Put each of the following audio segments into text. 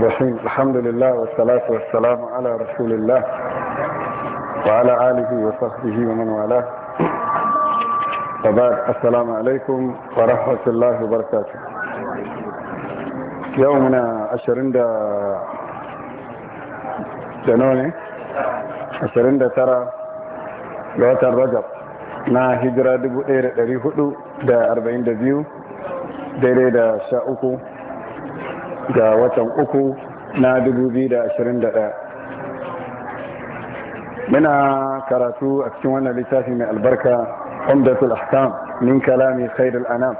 الرحيم الحمد لله والصلاة والسلام على رسول الله وعلى آله وصحبه ومن والاه وبعد السلام عليكم ورحمة الله وبركاته يومنا عشرين دا جنوني عشرين دا ترى لوات الرجب دا أربعين دا ديو da sha شاوكو ga watan uku na da 2021 muna karatu a cikin wannan littafi mai albarka umdatul ahkam min kalami khairul al'anam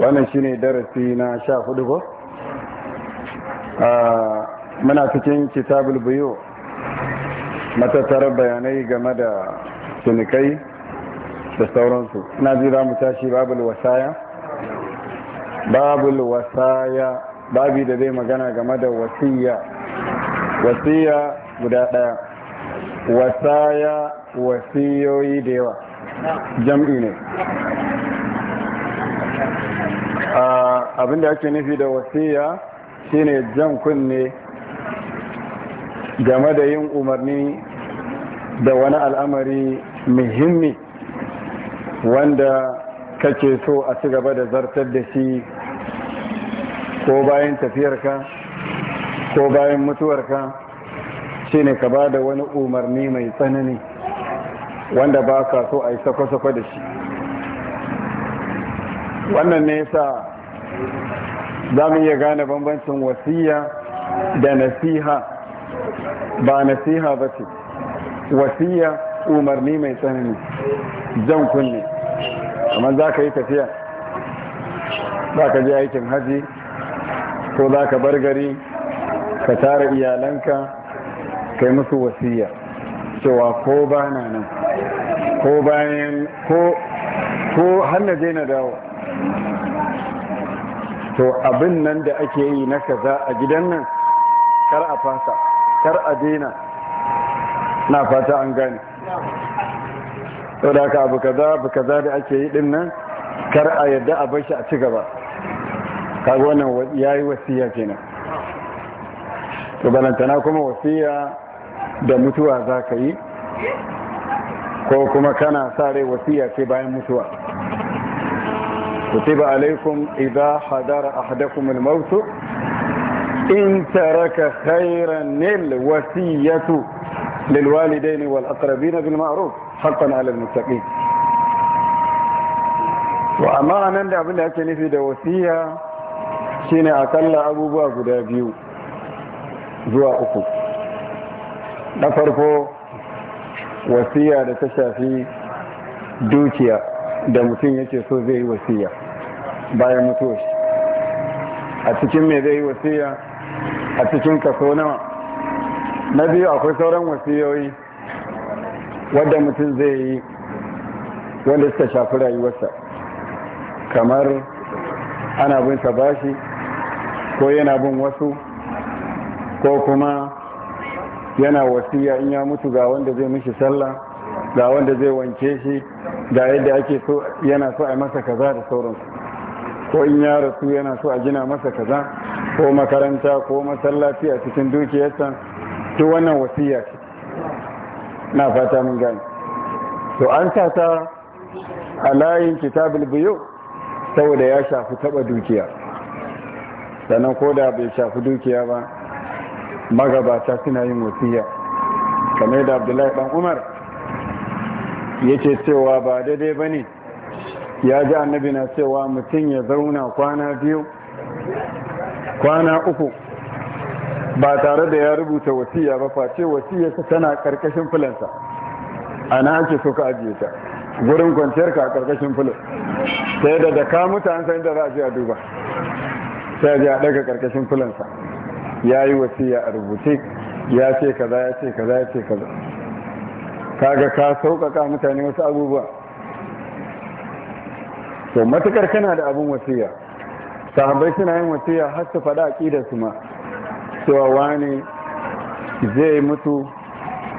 wannan shi ne darasi na sha 14 ko muna cikin kitabul buyo matattarar bayanai game da cinikai da sauransu na ji za mu tashi babul wasaya babul wasaya babi da zai magana game da wasiya wasiya guda ɗaya wasaya wasiyoyi da yawa jam'i ne abinda ake nufi da wasiya shine jan kunne game da yin umarni da wani al'amari muhimmi wanda kake so a ci gaba da zartar da shi ko bayan tafiyarka ko bayan mutuwarka shi ne ka ba da wani umarni mai tsanani wanda ba ka so a yi sako-sako da shi wannan ne yasa za mu iya gane bambancin wasiya da nasiha ba nasiha ba ce wasiya umarni mai tsanani jan kunne amma za ka yi tafiya za ka je aikin haji so za ka bar gari ka tara iyalanka ka yi musu wasiya cewa ko ba na nan ko bayan ko ko zai na dawo to abin nan da ake yi na kaza a gidan nan kar a fasa kar a daina na fata an gane to da ka abu kaza abu kaza da ake yi din nan kar a yadda a bar shi a ci gaba kaga wannan yayi wasiya kenan to balantana kuma wasiya da mutuwa za ka yi ko kuma kana sa rai wasiya ce bayan mutuwa kutiba alaikum idza hadara ahadakum al in taraka khayran lil wasiyatu lil walidayn wal aqrabin bil ma'ruf haqqan 'ala al-muttaqin wa amma nan da abin da ake nufi da wasiya shine akalla abubuwa guda biyu zuwa uku na farko wasiya da ta shafi dukiya da mutum yake so zai yi wasiya bayan mutuwa a cikin mai zai yi wasiya a cikin kaso nawa na biyu akwai sauran wasiyoyi wadda mutum zai yi wanda suka shafi rayuwarsa kamar ana bin sa bashi ko yana bin wasu ko kuma yana wasiya in ya mutu ga wanda zai mishi sallah ga wanda zai wanke shi ga yadda ake so yana so a masa kaza da sauransu ko in ya rasu yana so a gina masa kaza ko makaranta ko masallaci a cikin dukiyarsa to wannan wasiya ce na fata mun gani to an sa ta a layin kitabul biyu saboda ya shafi taba dukiya sannan ko da bai shafi dukiya ba magabata suna yin wasiya kamar da abdullahi dan umar ce cewa ba daidai ba ne ya ji annabi na cewa mutum ya zauna kwana biyu kwana uku ba tare da ya rubuta wasiya ba face ta tana karkashin filansa ana ake so ka ajiye ta gurin kwanciyarka a karkashin filin sai da da ka mutane san da za a je a duba sai a daga karkashin kulansa ya yi wasiya a rubuce ya ce kaza ya ce kaza ya ce kaza kaga ka sauƙaƙa mutane wasu abubuwa to matukar kana da abin wasiya sahabbai suna yin wasiya har su faɗa aƙidar su ma cewa wani zai mutu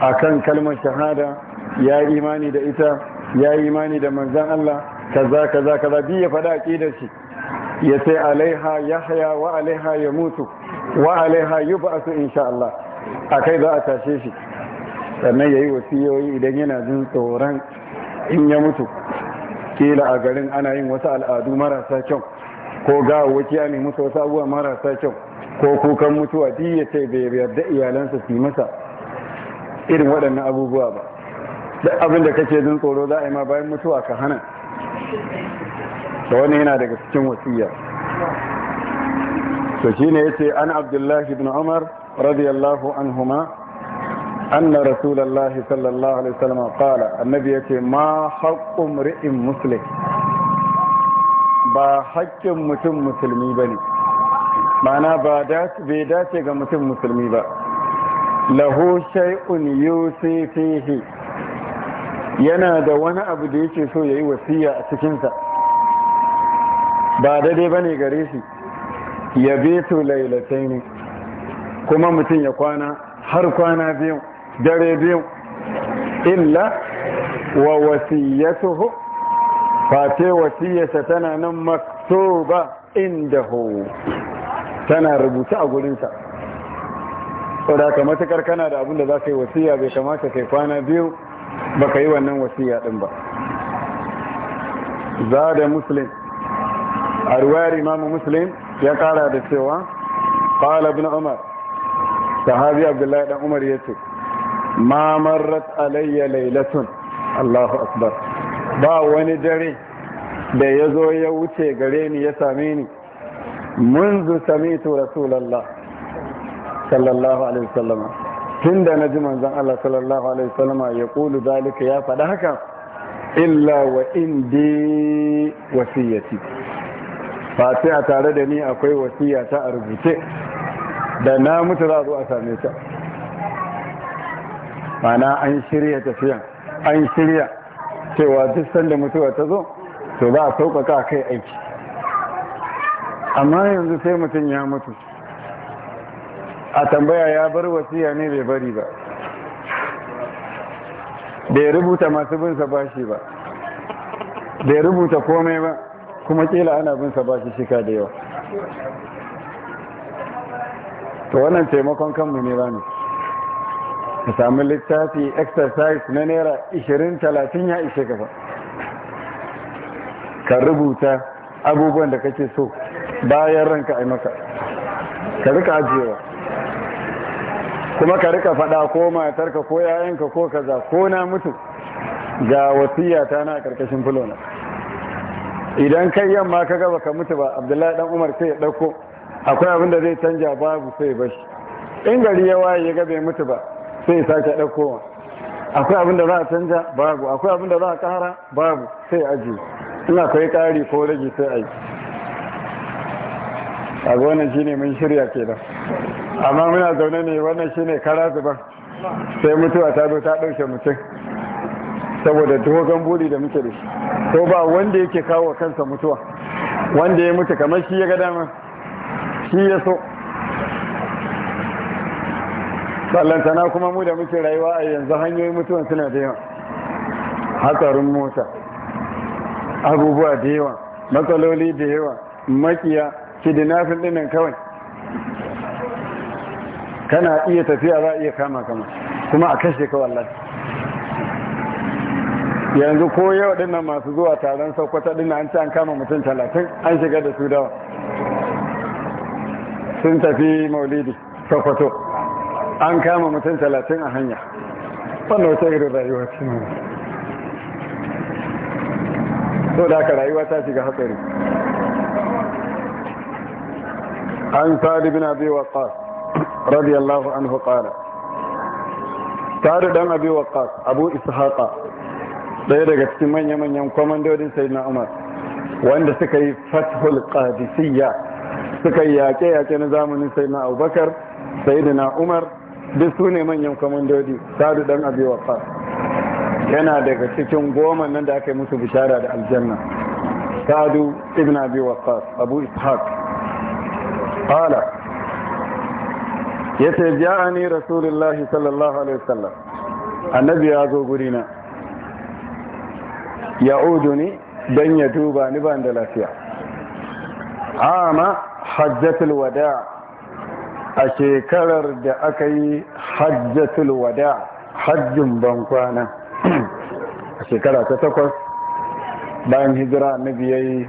akan kalmar shahada ya yi imani da ita ya yi imani da manzan Allah kaza kaza kaza biyu ya faɗa aƙidar shi ya ce alaiha ya haya wa alaiha ya mutu wa alaiha yi ba su insha Allah a kai za a tashe shi sannan ya yi wasiyoyi idan yana jin tsoron in ya mutu kila a garin ana yin wasu al'adu marasa kyau ko gawawaki ya nemi wasu abubuwa marasa kyau ko kukan mutuwa duk ya ce bai yarda iyalansa su masa irin waɗannan abubuwa ba duk abin da kake jin tsoro za a yi ma bayan mutuwa ka hana da wani yana daga cikin wasiya to shine yace an abdullahi ibn umar radiyallahu anhuma anna rasulullahi sallallahu alaihi wasallam qala annabi yace ma haqqu mri'in muslim ba haƙƙin mutum musulmi bane mana ba bai dace ga mutum musulmi ba lahu shay'un yusi fihi yana da wani abu da yake so yayi wasiya a cikinsa ba daidai ba ne gare shi ya beto lailatai ne kuma mutum ya kwana har kwana biyu dare biyu illa wa fa ta wasiyarsa tana nan maktuba hu tana rubuta a gurinsa saboda ka matukar kana da abinda za ka yi wasiya bai kamata kai kwana biyu baka yi wannan wasiya din ba za da muslim a ruwari mamu muslim ya kara da cewa ƙwala bin umar sahabi abdullahi dan umar ya ce mamarat alayya lailatun allahu akbar ba wani dare da ya zo ya wuce gare ni ya same ni munzu samitu rasulallah sallallahu alaihi wasallama tun da na ji manzan Allah sallallahu alaihi wasallama ya kulu zalika ya faɗa haka illa wa indi wasiyyati fati a tare da ni akwai wasiya ta a rubuce da na mutu za zo a same ta mana an shirya tafiya an shirya cewa duk sanda mutuwa ta zo to za a sauƙaƙa kai aiki amma yanzu sai mutum ya mutu a tambaya ya bar wasiya ne bai bari ba bai rubuta masu binsa bashi ba bai rubuta komai ba kuma kila ana bin sa bashi shika da yawa to wannan taimakon kanmu ne ba ne ka sami littafi exercise na naira 20-30 ya ishe gaba ka rubuta abubuwan da kake so bayan ranka a maka ka rika ajiyewa kuma ka rika fada ko matarka ko yayanka ko kaza ko na mutu ga wasiyata na karkashin fulona idan kai yamma ka gaba ka mutu ba abdullahi dan umar sai ya dauko akwai abin da zai canja babu sai shi in gari ya waye ya gabe mutu ba sai ya sake dauko akwai abin da za a canja babu akwai abin da za a kara babu sai aji ina kai kari ko rage sai aji a wannan shine mun shirya kenan amma muna zaune ne wannan shine kara zuba sai mutuwa ta zo ta dauke mutum saboda dogon buri da muke da shi to ba wanda yake kawo kansa mutuwa wanda ya mutu kamar shi ya ga dama shi ya so sallantana kuma mu da muke rayuwa a yanzu hanyoyin mutuwan suna da yawa hatsarin mota abubuwa da yawa matsaloli da yawa makiya kidinafin dinnan kawai kana iya tafiya za a iya kama kama kuma a kashe kawai lafi yanzu ko yau nan masu zuwa taron sokoto na an ci an kama mutum talatin an shiga da su dawa sun tafi maulidi sokoto an kama mutum talatin a hanya wannan wata irin rayuwa ce ne so da aka rayuwa ta shiga hatsari an sadi bin abi waqas radiyallahu anhu qala sa'adu dan abi waqas abu ishaqa ɗaya daga cikin manya-manyan kwamandodin sai na umar wanda suka yi fathul qadisiyya suka yi yaƙe-yaƙe na zamanin sai na abubakar sai na umar duk su ne manyan kwamandodi sadu ɗan abi wafa yana daga cikin goma nan da aka yi musu bishara da aljanna sadu ibn abi wafa abu ishaq qala yace ja'ani rasulullahi sallallahu alaihi wasallam annabi ya zo gurina ya'udu ni don ya duba ni ban da lafiya ama hajjatul wada a shekarar da aka yi hajjatul wada hajjin bankwana a shekara ta takwas bayan hijira annabi ya yi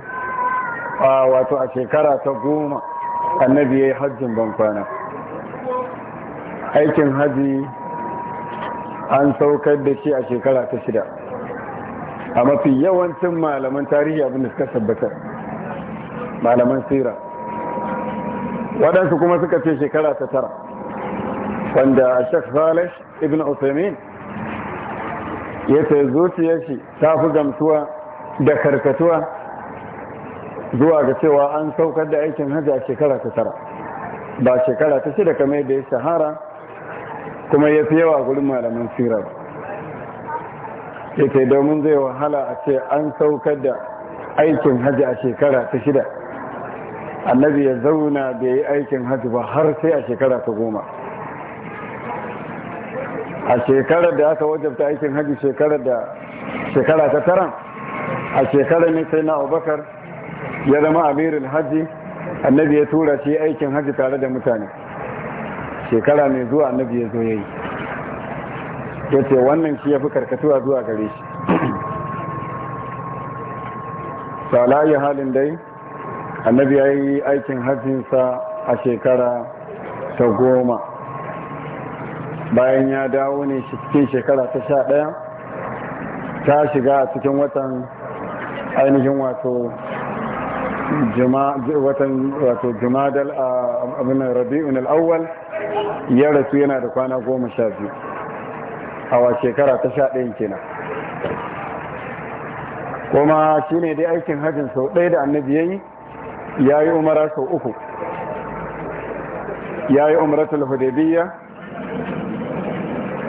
wato a shekara ta goma annabi ya yi hajjin bankwana aikin haji an saukar da shi a shekara ta shida a mafi yawancin malaman tarihi abin da suka tabbatar malaman sira waɗansu kuma suka ce shekara ta tara wanda a shek salish ibn usaimin ya ce zuciyar shi ta fi gamsuwa da karkatuwa zuwa ga cewa an saukar da aikin hajji a shekara ta tara ba shekara ta shida kamar da ya shahara kuma ya fi yawa wurin malaman sira ba yake domin zai wahala a ce an saukar da aikin haji a shekara ta shida annabi ya zauna da yi aikin haji ba har sai a shekara ta goma a shekarar da aka wajabta aikin haji shekarar da shekara ta taran a shekarar ne sai na abubakar ya zama amirin haji annabi ya tura shi aikin haji tare da mutane shekara mai zuwa annabi ya zo ya yi ya ce wannan shi ya fi karkatuwa zuwa gare shi salayi halin dai annabi ya yi aikin hajjinsa a shekara ta goma bayan ya dawo ne cikin shekara ta sha ɗaya ta shiga a cikin watan ainihin wato watan wato jumadal a rabi'un al'awwal ya rasu yana da kwana goma sha biyu hawa shekara ta sha ɗayan kenan kuma shi ne dai aikin hajjin sau ɗaya da annabi ya yi ya yi umara sau uku ya yi umaratul hudabiyya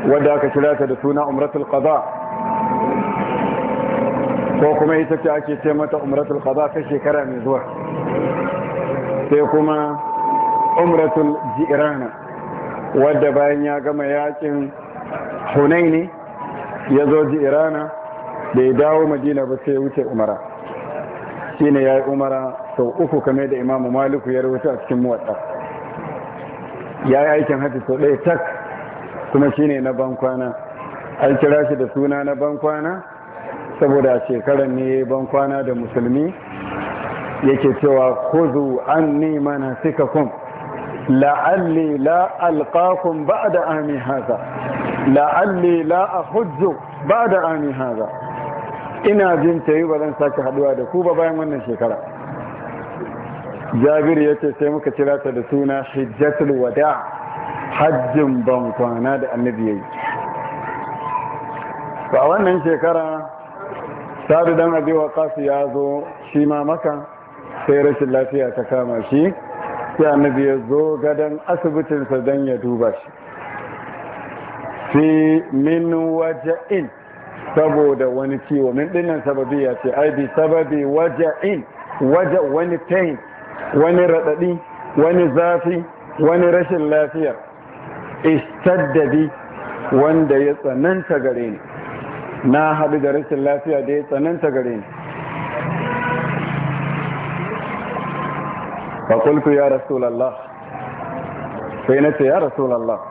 wadda aka kira ta da suna umaratul qada ko kuma ita ce ake ce mata umaratul qada ta shekara mai zuwa sai kuma umaratul jirana wadda bayan ya gama yakin hunaini ya zo ji irana da ya dawo madina ba sai wuce umara shine ya yi umara sau uku kame da imamu maliku ya rubuta a cikin muwadda ya yi aikin hajji sau ɗaya tak kuma shi ne na bankwana an kira shi da suna na bankwana saboda shekarar ne bankwana da musulmi yake cewa kuzu an neman sika kun la'alli la ba'ada ami haza la'alli la ahujju ba'da ami haza ina jin tayi ba zan sake haduwa da ku ba bayan wannan shekara jabir yace sai muka kira ta da suna hijjatul wada hajjin ban kwana da annabi yayi ba wannan shekara sadu dan abi waqas ya zo shi ma maka sai rashin lafiya ta kama shi sai annabi ya zo gadon asibitinsa dan ya duba shi fi min waja'in saboda wani ciwo min dinnan sababi ya ce ai bi sababi waja'in waja wani pain wani radadi wani zafi wani rashin lafiya istaddadi wanda ya tsananta gare ni na haɗu da rashin lafiya da ya tsananta gare ni fakulku ya rasulallah sai na ce ya rasulallah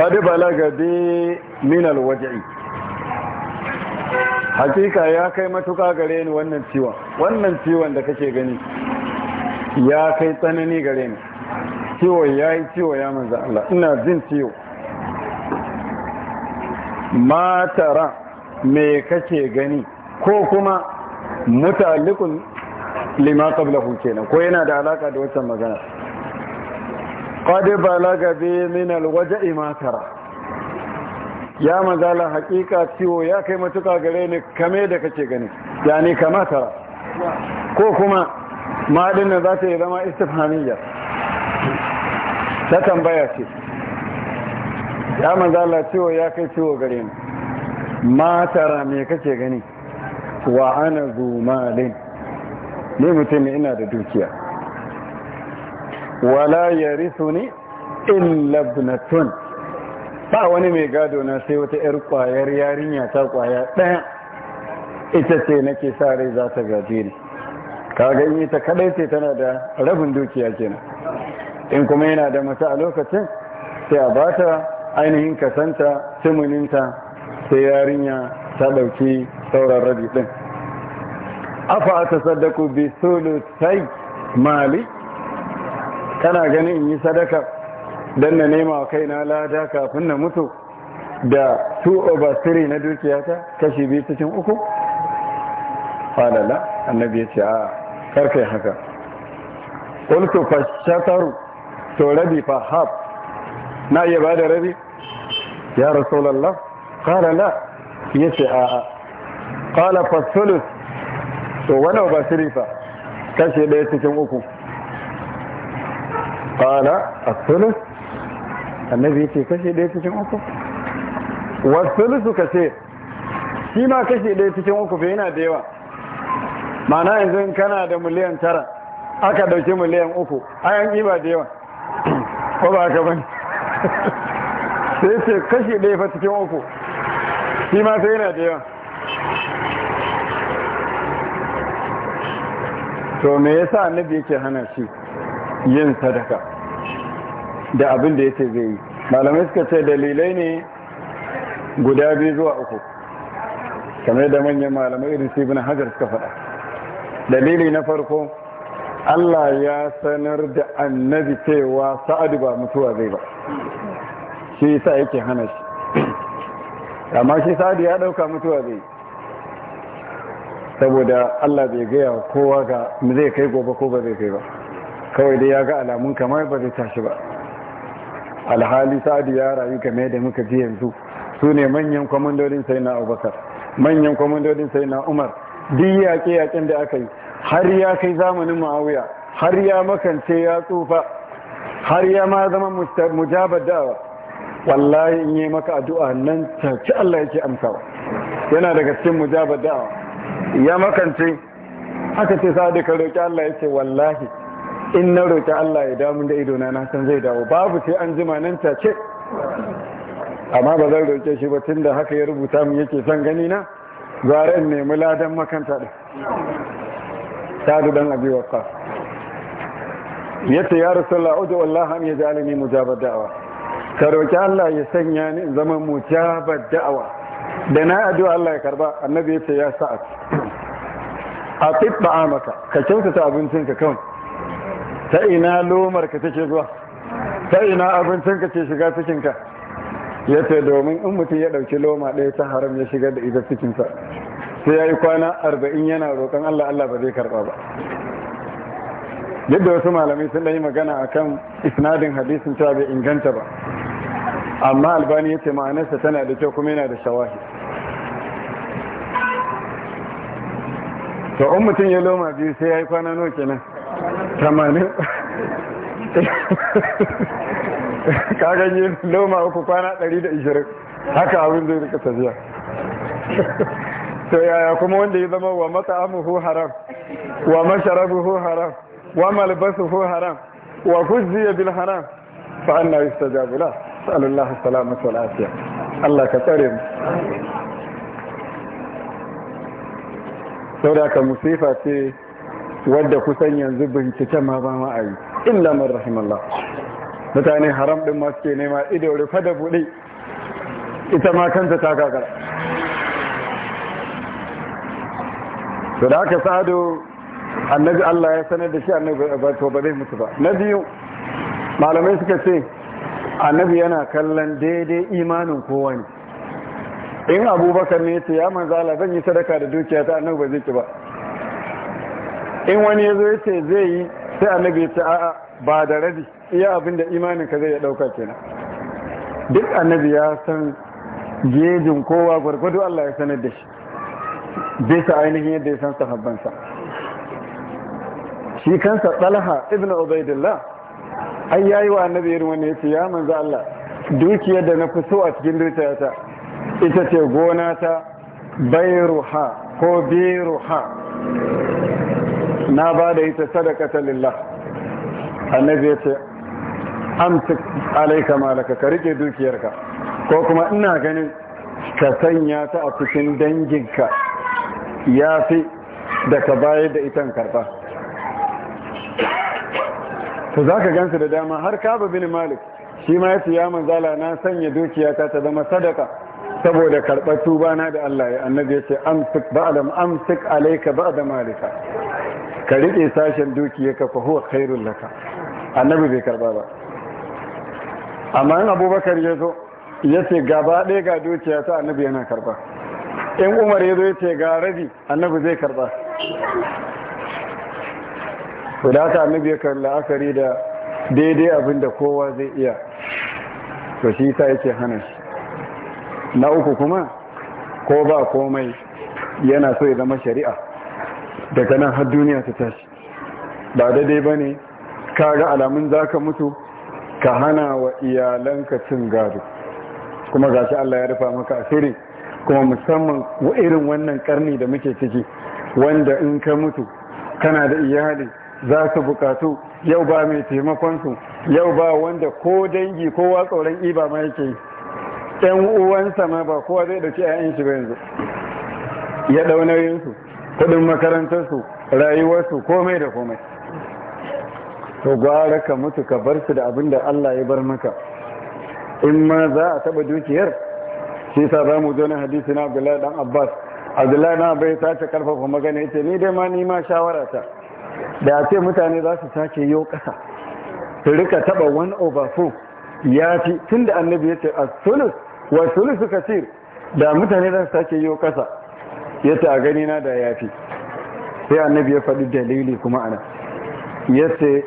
قد بلغ bi من الوجع hakika ya kai matuka gare ni wannan ciwon wannan ciwon da kake gani ya kai tsanani gare ni ciwo ya ciwo ya manzo Allah ina jin ciwo matara me kake gani ko kuma mutalikun lima qablahu kenan ko yana da alaka da wancan magana qad balaga bi min alwaja'i ma tara ya mazala hakika ciwo ya kai matuka gare ni kame da kake gani yani kama tara ko kuma ma din da za ta yi zama istifhamiyya ta tambaya ce ya mazala ciwo ya kai ciwo gare ni matara me kake gani wa ana zu malin ni mutum ina da dukiya wala ni in ibnatun ba wani mai gado na sai wata yar kwayar yarinya ta kwaya ɗaya ita ce nake sa rai za ta gaje ni kaga in ta kadai ce tana da rabin dukiya kenan in kuma yana da mata a lokacin sai a bata ainihin kasanta tumuninta sai yarinya ta dauki sauran rabi din afa ta saddaku bi sulutai mali kana ganin in yi sadaka don na nema wa kaina lada kafin na mutu da 2 over 3 na dukiyata kashi biyu cikin uku falala annabi ya ce a karfe haka ƙultu fa shataru to rabi fa haf na iya ba da rabi ya rasulallah ƙara la ya ce a a ƙala sulus to wani over 3 fa kashi ɗaya cikin uku قال as-sulus annabi كشي kashe daya cikin uku wa sulusu كشي shi ma kashe daya cikin uku fa yana da yawa ma'ana yanzu kana da miliyan tara aka dauki miliyan uku ayan kiba da yawa ko ba haka bane ce kashe daya fa cikin uku shi ma sai yana da yawa to me yasa annabi yake hana shi yin sadaka da abin da ya ce zai yi malamai suka ce dalilai ne guda biyu zuwa uku kamar da manyan malamai irin su ibn hajar suka faɗa dalili na farko Allah ya sanar da annabi cewa sa'adu ba mutuwa zai ba shi yasa yake hana shi amma shi sa'adu ya ɗauka mutuwa zai saboda Allah bai gaya kowa ga zai kai gobe ko ba zai kai ba kawai dai ya ga alamun kamar ba zai tashi ba alhali sa'adu ya rayu game da muka ji yanzu su ne manyan kwamandodin sai na abubakar manyan kwamandodin sai na umar duk yaƙe-yaƙen da aka yi har ya kai zamanin ma'awuya har ya makance ya tsufa har ya ma zama mujabar da'awa wallahi in yi maka addu'a nan ci Allah yake amsawa yana daga cikin mujabar da'awa ya makance haka ce sa'adu ka roƙi Allah yake wallahi in na roƙi Allah ya damu da idona na san zai dawo babu sai an jima nan tace amma ba zan roƙe shi ba tunda haka ya rubuta mu yake son gani na gwara in nemi ladan makanta da sadu dan abi waqqa yace ya rasulullah udu wallahi an yaj'alni mujabad da'wa ka roƙi Allah ya sanya ni in zama mujabad da'wa da na addu'a Allah ya karba annabi yace ya sa'at a tibba amaka ka kyautata abincinka kawai ta ina lomar ka take zuwa ta ina abincin ka ce shiga cikinka ya ce domin in mutum ya ɗauki loma ɗaya ta haram ya shiga da ita cikinsa sai ya yi kwana arba'in yana roƙon allah allah ba zai karɓa ba yadda wasu malamai sun yi magana a kan isnadin hadisin cewa bai inganta ba amma albani ya ce ma'anarsa tana da kyau kuma yana da shawahi to in mutum ya loma biyu sai ya yi kwana nawa kenan tamanin kagan yi loma uku kwana 120 haka abin zai rika tafiya to yaya kuma wanda ya zama wa mata'amuhu haram wa hu haram wa hu haram wa guzziya bil haram fa anna yustajabu la sallallahu salamat wal afiya Allah ka tsare mu saboda ka musifa ce wadda kusan yanzu bincike ma ba ma a yi illa man rahimallah mutane haram din ma suke nema ido rufe da buɗe ita ma kanta ta kakara to da aka sado annabi Allah ya sanar da shi annabi ba to ba zai mutu ba na biyu malamai suka ce annabi yana kallon daidai imanin kowa ne in abubakar ne ya ce ya manzala zan yi sadaka da dukiya ta annabi ba zai ki ba in wani ya zo ya ce zai yi sai annabi ya ce a'a ba da rabi iya abin da imaninka zai ya ɗauka kenan duk annabi ya san gejin kowa gwargwado Allah ya sanar da shi bisa ainihin yadda ya san sahabbansa shi kansa ɗalha ibn ubaidillah ai yayi wa annabi irin ya yace ya manzo Allah dukiyar da na fi so a cikin dukiyata ita ce gona ta bayruha ko biruha na ba da ita sadakata lillah annabi ya ce amsik alaika malaka ka rike dukiyarka ko kuma ina ganin ka sanya ta a cikin danginka ya fi da ka bayar da itan karba to za ka gansu da dama har kaba bin malik shi ma ya ya manzala na sanya dukiyata ta zama sadaka saboda karɓar tubana da Allah ya annabi ya ce amsik ba'alam amsik alaika ba'da malika ka riƙe sashen ka fa huwa khairun laka annabi bai karba ba amma in abubakar ya zo ya ce gaba ɗaya ga dukiya ta annabi yana karba in umar ya zo ya ce ga rabi annabi zai karba wadata annabi ya karla akari da daidai abin da kowa zai iya to shi ta yake hana shi na uku kuma ko ba komai yana so ya zama shari'a daga nan har duniya ta tashi ba daidai ba ne ka ga alamun za ka mutu ka hana wa iyalanka cin gado kuma shi Allah ya rufa maka asiri kuma musamman irin wannan karni da muke ciki wanda in ka mutu kana da iyali za su bukatu yau ba mai taimakonsu yau ba wanda ko dangi ko watsoron iba ma yake yi yan uwansa ma ba kowa zai dauki 'ya'yan shi ba yanzu ya nauyinsu kudin makarantarsu rayuwarsu komai da komai to gwara ka mutu ka bar su da abin da Allah ya bar maka in ma za a taba dukiyar shi sa za mu zo na hadisi na Abdullahi dan Abbas Abdullahi na bai sace karfafa magana ce ni dai ma ni ma shawara ta da a ce mutane za su sace yau kasa su rika taba one over four ya fi tunda annabi ce a sulus wa sulusu kasir da mutane za su sace yau kasa yace a gani na da ya fi sai annabi ya faɗi dalili kuma ana yace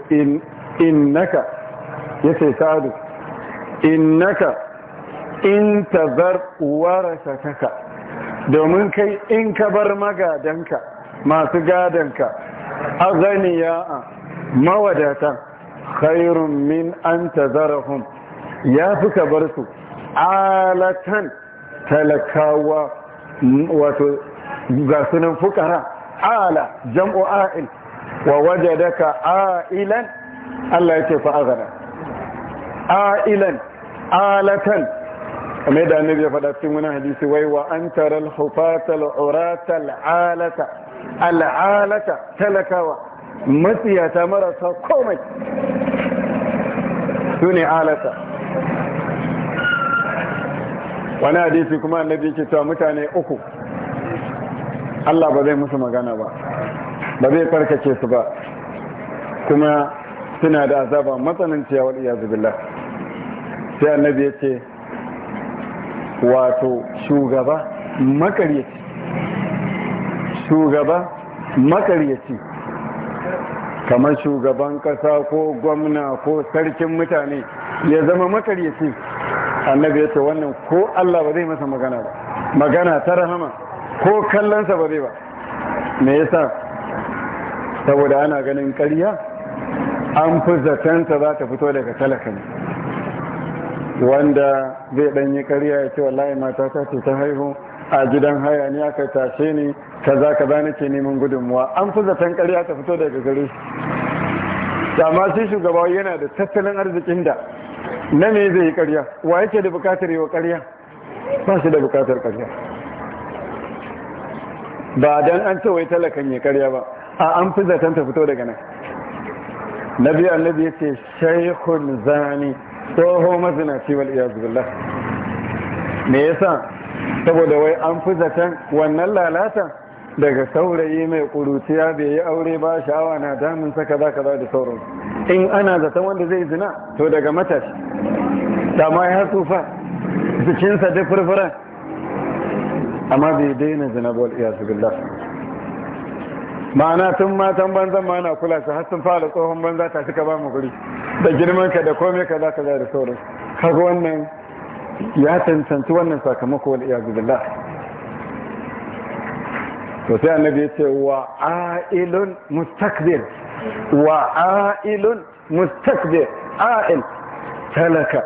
in naka, ya sadu Sa'adu in ta bar warasa warasataka domin kai in ka bar magadanka masu gadanka a mawadatan khairun min an ta zarafin ya fi ka bar su alatan talakawa wato ga sunan fukara ala jam'u a'il wa wajadaka a'ilan Allah ya ce fa azana a'ilan alatan kamar da annabi ya faɗa cikin wani hadisi wai wa an taral hufatal uratal alata al'alata talakawa matsiyata marasa komai Sune alata wani hadisi kuma annabi ke cewa mutane uku Allah ba zai musu magana ba ba zai farkace su ba kuma suna da azaba matsananciya wa iyazu billah sai annabi ya ce wato shugaba makaryaci shugaba makaryaci kamar shugaban kasa ko gwamna ko sarkin mutane ya zama makaryaci annabi ya ce wannan ko Allah ba zai masa magana ba magana ta rahama ko kallon ba zai ba me yasa saboda ana ganin ƙarya an fi zatansa za ta fito daga talaka ne wanda zai ɗanyi ƙarya ya ce wallahi mata ta ce ta haihu a gidan haya ne aka tashe ni kaza kaza ke neman gudunmuwa an fi zaton ƙarya ta fito daga gare shi amma shugaba yana da tattalin arzikin da na me zai yi ƙarya wa yake da buƙatar yi wa ƙarya ba shi da buƙatar ƙarya ba dan an ce wai talakan ya karya ba a an fi zaton ta fito daga nan na biyu annabi ya ce shaykhul zani tsoho mazinaci wal iyaz me yasa saboda wai an fi zaton wannan lalata daga saurayi mai kuruciya bai yi aure ba sha'awa na damun saka za ka za da sauran in ana zaton wanda zai zina to daga matashi ta ma ya tsufa jikinsa duk furfuran amma bai daina zina ba billah ma'ana tun matan banzan ma na kula su har fara tsohon banza ta suka ba mu guri da girman ka da komai ka za ka za da sauran kaga wannan ya cancanci wannan sakamako wal iyasu billah to sai annabi ya ce wa ailun mustakbir wa ailun mustakbir ail talaka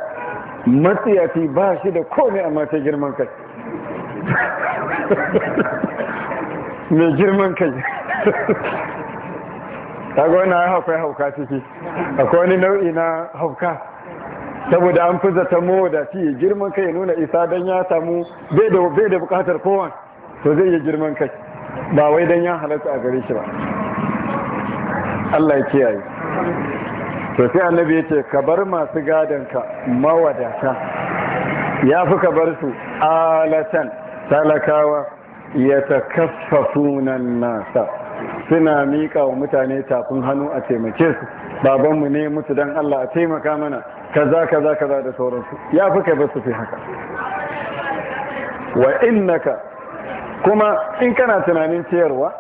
matsiyafi ba shi da komai amma ta girman kai mai girman kai kaga wani ya haukai hauka ciki akwai wani nau'i na hauka saboda an fi zata da ci girman kai nuna isa don ya samu bai da bukatar kowa to zai yi girman kai ba wai don ya halatta a gare shi ba Allah ya kiyaye to sai annabi ce ka bar masu gadonka mawadata ya fi ka bar su alatan talakawa ya ta sunan nasa suna miƙa wa mutane tafin hannu a taimake su babanmu ne mutu don Allah a taimaka mana kaza kaza kaza da sauransu ya fi kai basu fi haka wa innaka kuma in kana tunanin ciyarwa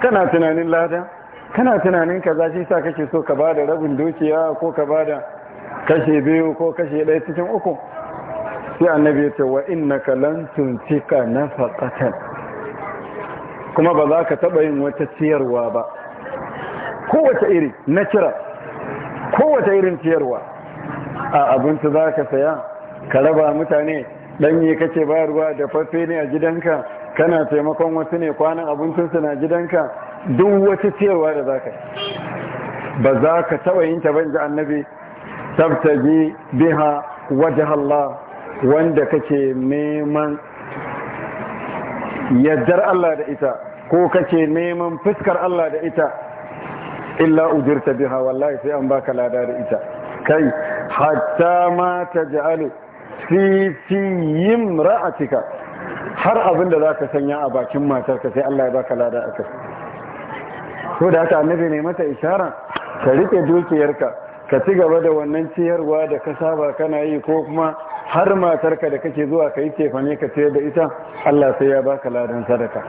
kana tunanin lada kana tunanin kaza shi sa kake so ka bada rabin dukiya ko ka bada kashe biyu ko kashe ɗaya cikin uku sai annabi ya ce wa innaka lan tunfika nafaqatan kuma ba za ka taba yin wata ciyarwa ba kowace iri na kira kowace irin ciyarwa a abinci za ka saya ka raba mutane ɗanye kake bayarwa da fafe ne a gidanka kana taimakon wasu ne kwanan abincinsu na gidanka duk wata ciyarwa da za ka ba za ka taba yin ta ban ji annabi tabtaji biha wajen Allah wanda kake neman yaddar Allah da ita ko kake neman fuskar Allah da ita illa ujirta biha wallahi sai an baka lada da ita kai hatta ma taj'alu fi fi imra'atika har abin da zaka sanya a bakin matarka sai Allah ya baka lada akai Ko da haka annabi ne mata ishara ka rike dukiyarka ka ci gaba da wannan ciyarwa da ka saba kana yi ko kuma har matarka da kake zuwa ka yi cefane ka sayar da ita Allah sai ya baka ladan sadaka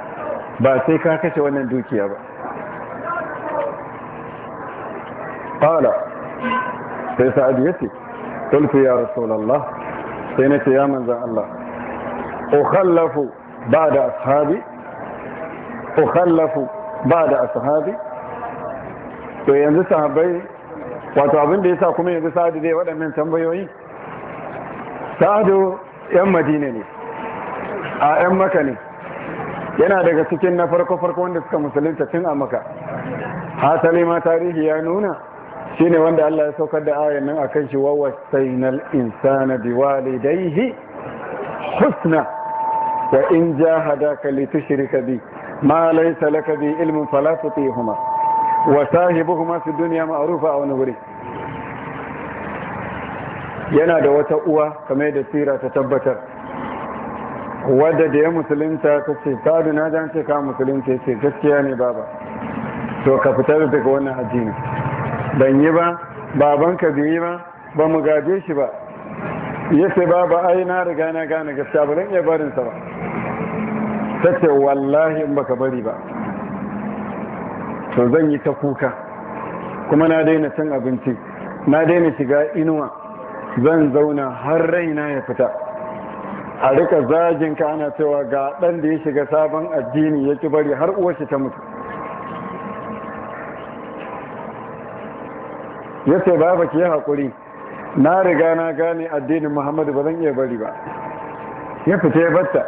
ba sai ka kashe wannan dukiya ba qala sai sa'ad yace qultu ya rasulullah sai na ce ya manzan Allah ukhallafu ba'da ashabi ba da ashabi to yanzu sahabbai wato abin da sa kuma yanzu sa'ad dai waɗannan tambayoyi sa'adu yan madina ne a yan maka ne yana daga cikin na farko-farko wanda suka musulunta tun a maka hasali ma tarihi ya nuna Shi ne wanda Allah ya saukar da ayan nan a kan shi wa wasainal insana hi, husna wa in jahadaka litushrika bi ma laisa laka bi ilmin falasufi huma wa su duniya ma'arufa a wani wuri yana da wata uwa kamar da sira ta tabbatar wadda da ya musulunta ta ce sadu na jan ce ka musulunta ce gaskiya ne baba to ka fitar daga wannan addini ban yi ba babanka bai yi ba ba mu gaje shi ba ya ce baba ai na riga na gane gaskiya ba zan iya barinsa ba ta ce wallahi in baka bari ba to zan yi ta kuka kuma na daina cin abinci na daina shiga inuwa zan zauna har raina ya fita a rika zagin ka ana cewa ga ɗan da ya shiga sabon addini ya ki bari har uwarsa ta mutu ya ce baba ki haƙuri na riga na gane addinin muhammadu ba zan iya bari ba ya fita ya batta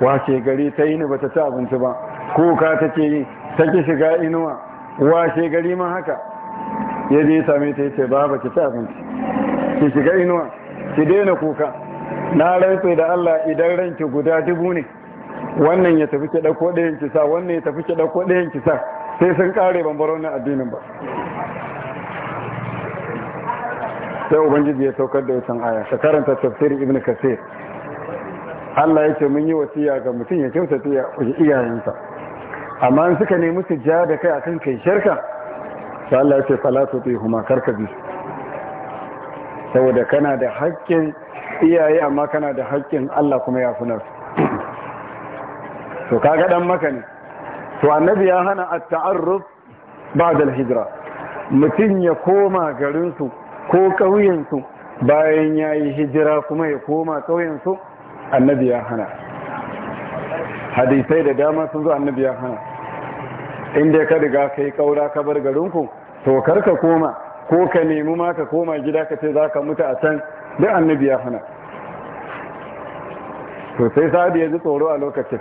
washe gari ta yi ni ba ta ci abinci ba kuka ce yi ta ki shiga inuwa washe gari ma haka ya je same ta ya ce baba ki ci abinci ki shiga inuwa ki daina kuka na rantsa da Allah idan ranki guda dubu ne wannan ya tafi ki dauko ɗayan ki sa wannan ya tafi ki dauko ɗayan ki sa sai sun kare ban na addinin ba sai ubangiji ya saukar da wutan aya ka karanta tafsirin ibnu kasir Allah ya ce mun yi wasiya ga mutum ya kyautata iyayensa amma in suka nemi su ja da kai akan kai shirka sai Allah ya ce fala su huma karka bi saboda kana da haƙƙin iyaye amma kana da haƙƙin Allah kuma ya funar to kaga dan maka ne to annabi ya hana at-ta'arruf ba'da al-hijra mutum ya koma garinsu ko ƙauyensu bayan ya yi hijira kuma ya koma ƙauyensu annabi ya hana hadisai da dama sun zo annabi ya hana inda ka riga kai kaura ƙaura ka bar garinku to karka koma ko ka nemi ma ka koma gida ka ce za ka mutu a can duk annabi ya hana to sai sa'adu ya ji tsoro a lokacin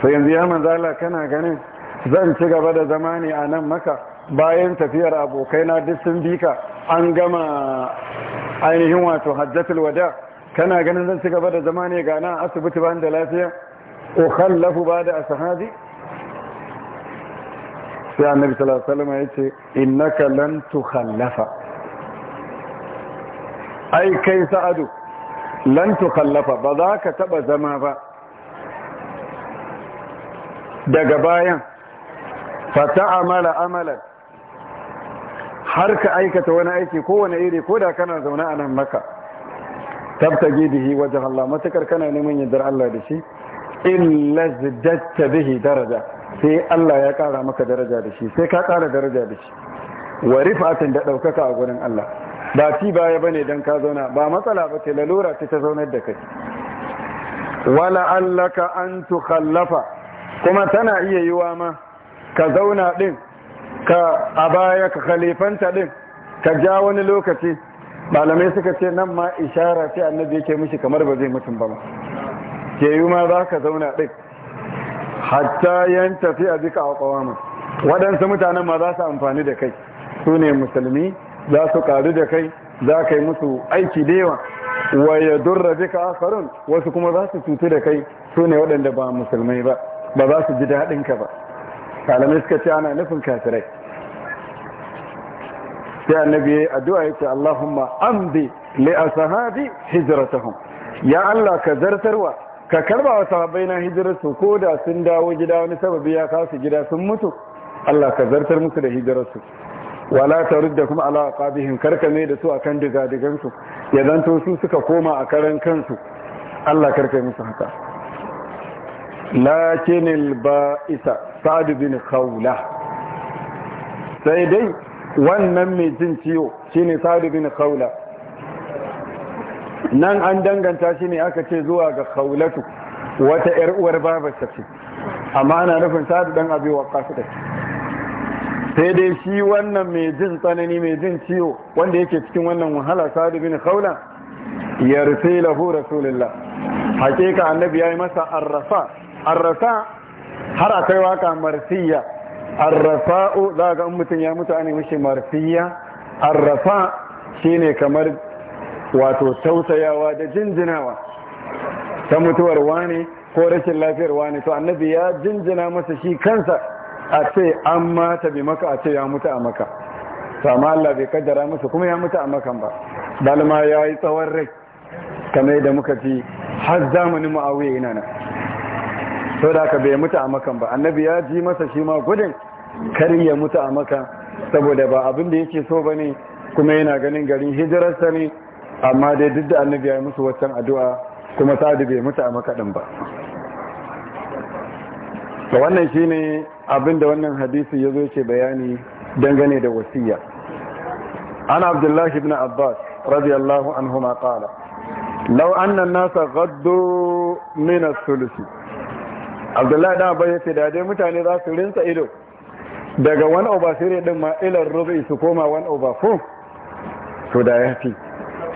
sai yanzu ya manzala kana ganin zan ci gaba da zama ne a nan maka bayan tafiyar abokaina duk sun bi ka an gama ainihin wato hajjatul wada kana ganin zan ci gaba da zama ne ga nan asibiti ban da lafiya ko kallafu ba da asahadi sai annabi sallallahu alaihi wasallam yace innaka lan tukhallafa ai kai sa'adu lan tukhallafa ba za ka taba zama ba daga bayan fata amala amalan har ka aikata wani aiki kowane iri ko da kana zaune a nan maka tabtage bihi wajen Allah matakar kana neman yadda Allah da shi in lazdatta bihi daraja sai Allah ya kara maka daraja da shi sai ka kara daraja da shi wa rifatin da ɗaukaka a gurin Allah ba ci baya bane dan ka zauna ba matsala ba ce lalura ce ta zaunar da kai wala allaka an tukhallafa kuma tana iya yiwa ma ka zauna din ka a baya ka khalifanta din ka ja wani lokaci malamai suka ce nan ma ishara sai annabi yake mishi kamar ba zai mutum ba ma ke yi ma za ka zauna din hatta yan tafi a zika a kawama waɗansu mutanen ma za su amfani da kai su ne musulmi za su ƙaru da kai za ka yi musu aiki da yawa wa ya durra farin wasu kuma za su cutu da kai su ne waɗanda ba musulmai ba ba za su ji daɗin ka ba kalamai suka ce ana nufin kafirai sai annabi addu'a ce Allahumma amdi li ashabi hijratahum ya Allah ka zartarwa ka karba wa sahabbai na hijirarsu ko da sun dawo gida wani sababi ya kasu gida sun mutu Allah ka zartar musu da hijirarsu wala ta rudda kuma ala aqabihim karkame da su akan digadigan su ya zanto su suka koma a karan kansu Allah karkai musu haka lakin al-ba'isa sa'd bin khawla sai dai wannan mai jin ciwo shine sa'd bin khawla nan an danganta shi ne aka ce zuwa ga Khaulatu, wata yar uwar babarsa ce amma ana nufin sadu dan abi kasu da sai dai shi wannan mai jin tsanani mai jin ciwo wanda yake cikin wannan wahala sadu bin rufe lafu rasulullah hakika annabi ya yi masa arrafa arrafa har akai waka marfiya arrafa'u za ga mutum ya mutu an mishi marfiya arrafa ne kamar wato tausayawa da jinjinawa ta mutuwar wani ko rashin lafiyar wani to annabi ya jinjina masa shi kansa a ce an mata bi maka a ce ya mutu a maka sama Allah bai kaddara masa kuma ya mutu a makan ba dalma ya yi tsawon rai kamar da muka fi har zamanin ma'awuyi yana nan to da aka bai mutu a makan ba annabi ya ji masa shi ma gudun kar ya mutu a maka saboda ba abin da yake so ba ne kuma yana ganin garin hijirarsa ne amma dai duk da annabi ya yi musu waccan addu'a kuma sa'adu bai mutu a makaɗin ba wannan shi ne abinda wannan hadisi ya zo ce bayani dangane da wasiya ana abdullahi ibn abbas radiyallahu anhu ma ƙala lau annan nasa gaddo mina sulusi abdullahi ɗan abbas ya ce da mutane za su rinsa ido daga wani over din ma ilar rubi su koma wani obafo to da ya fi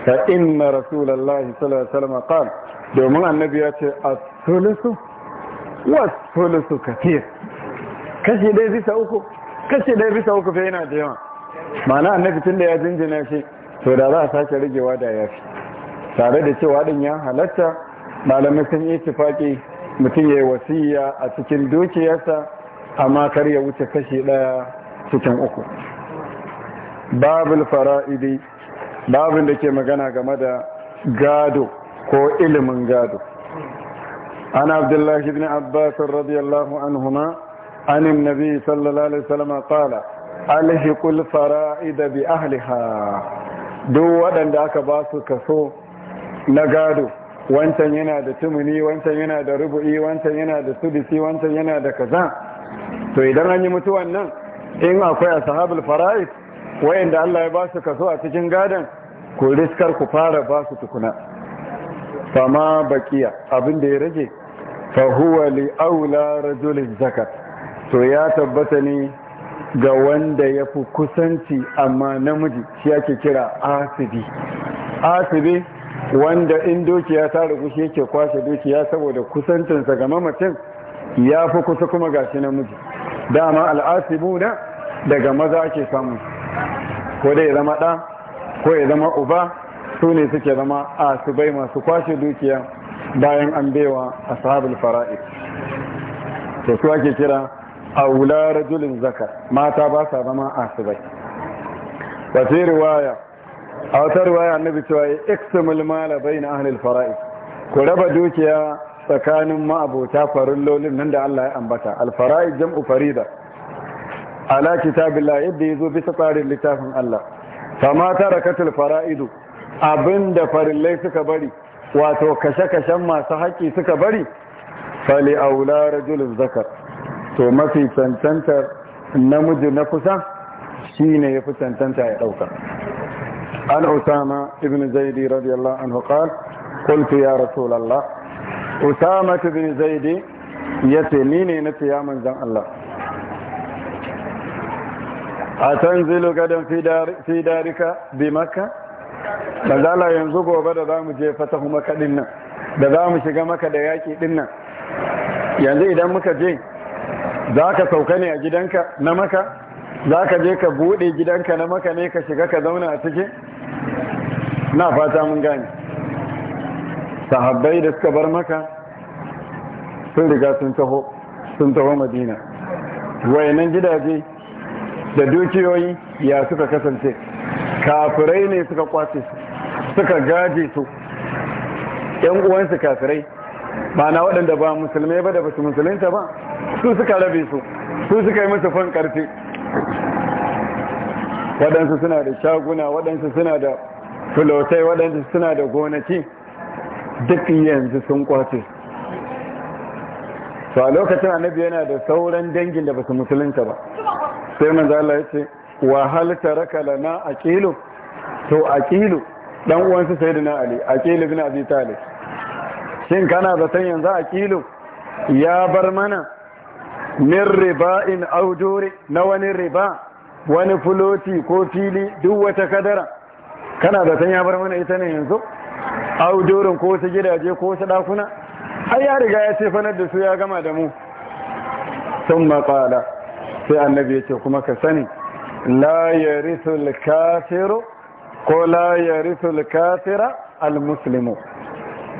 fa inna rasulullahi sallallahu alaihi wasallam qala domin annabi ya ce as-sulusu was-sulusu kathir kashi dai bisa uku kashi dai bisa uku fa yana da yawa ma'ana annabi tunda ya jinjina shi to da za a sake rigewa da yafi tare da cewa din ya halatta malamai sun yi tifaki mutum ya yi wasiya a cikin dukiyarsa amma kar ya wuce kashi daya cikin uku babul fara'idi babin da ke magana game da gado ko ilimin gado an abdullahi ibn abbas radiyallahu anhuma an annabi sallallahu alaihi wasallam qala alhiqul fara'id bi ahliha duk waɗanda aka ba su kaso na gado wancan yana da tumuni wancan yana da rubu'i wancan yana da sudisi wancan yana da kaza to idan an yi mutuwan nan in akwai ashabul fara'id wayanda Allah ya ba su kaso a cikin gadon ku riskar ku fara ba su tukuna fama bakiya abin da ya rage fa huwa li aula rajulin zakat to ya tabbata ne ga wanda ya fi kusanci amma namiji shi ake kira asibi asibi wanda in dukiya ta ragu shi yake kwashe dukiya saboda kusancinsa ga mamacin ya fi kusa kuma gashi namiji dama al'asibu na daga maza ake samu ko dai zama ɗan. ko ya zama uba su ne suke zama a su bai masu kwashe dukiya bayan an baiwa ashabul fara'id to su ake kira aula rajulin zaka mata ba sa zama a su bai wata riwaya a wata riwaya annabi cewa ya mulmala bai na ahlil fara'id ku raba dukiya tsakanin ma'abota farillolin nan da Allah ya ambata alfara'id jam'u farida ala kitabillah yadda ya zo bisa tsarin littafin Allah kama tarakatul fara'idu abinda farillai suka bari wato kashe-kashen masu haƙƙi suka bari fali aula rajulun zakar to mafi cancantar namiji na kusa shine ya fi cancanta ya ɗauka an usama ibn zaidi radiyallahu an haƙar, qultu ya rasulullah usama ibn zaidi yace ni ne na ya manzan Allah a gadan fi darika bi makka manzala yanzu gobe da zamu je fatahu makka din nan da zamu shiga maka da yaki din nan yanzu idan muka je za ka sauka ne a gidanka na maka za ka je ka bude gidanka na maka ne ka shiga ka zauna a cikin na fata mun gane sahabbai da suka bar maka sun riga sun taho sun taho madina wayannan gidaje da dukiyoyi ya suka kasance kafirai ne suka kwace su suka gaje su yan uwansu kafirai Ba na waɗanda ba musulmai ba da basu su musulunta ba su suka rabe su su suka yi musu fan ƙarfi waɗansu suna da shaguna waɗansu suna da filotai waɗansu suna da gonaki duk yanzu sun kwace su to a lokacin annabi yana da sauran dangin da basu musulunta ba sai manzo Allah ya ce wa hal taraka lana aqilu to aqilu dan uwansa sayyidina ali aqilu bin abi talib shin kana da san yanzu aqilu ya bar mana min riba'in aw na wani riba wani fuloti ko fili duk wata kadara kana da san ya bar mana ita ne yanzu durin ko su gidaje ko su dakuna har ya riga ya ce fanar da su ya gama da mu sun matsala sai annabi ya ce kuma ka sani la risul ko la risul kafira al-muslimu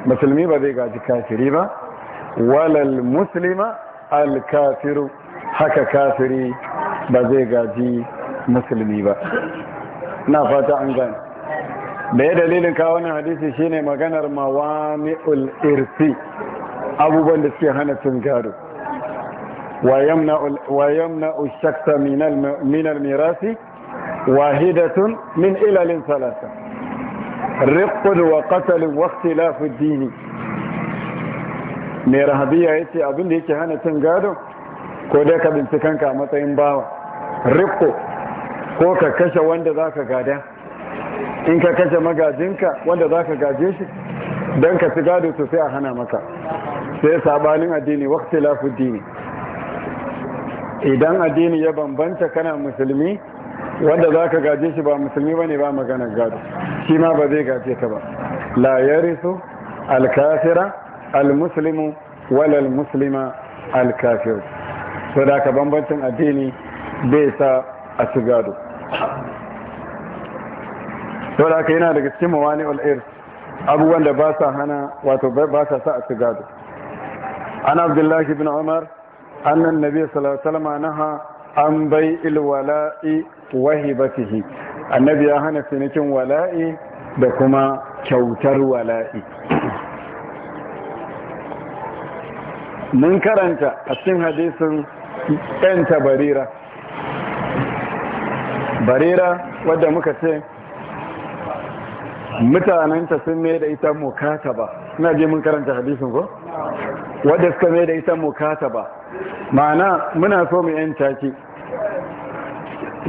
musulmi ba zai gaji kafiri ba walal muslima al-kafiru haka kafiri ba zai gaji musulmi ba na fata an gani da ya dalilin kawo wannan hadisi shine maganar mawami'ul irsi abubuwan da suke hana cin gado wa yamna ushakta minar mirasi wahidatun min ilalin salasa rikudu wa katalin wakti lafi dini mai rahabiya ya ce abinda yake hana cin gado ko dai ka bincikanka a matsayin bawa rikko ko ka kashe wanda za ka gada in ka kashe magajinka wanda za ka gaje shi don ka ci gado sosai a hana maka sai sabanin addini waqtilafu dini idan addini ya bambanta kana musulmi wanda za ka gaje shi ba musulmi ba ne ba maganar gado shi ma ba zai gaje ka ba la yarisu alkafira almuslimu walal muslima alkafir so da ka bambancin addini bai sa a ci gado so da ka yana daga cikin mawani al'ir abubuwan da ba sa hana wato ba sa sa a ci gado عن عبد الله بن عمر أن النبي صلى الله عليه وسلم نهى عن بيع الولاء وهبته النبي يا هنا سنكين ولائي دكما كوتر ولائي من كرنت أسين حديث أنت بريرة barira wadda muka ce mutanenta sun mai da ita mukata ba suna je mun karanta hadisin ko? wadda suka mai da ita ba ma'ana muna so mu yanta ki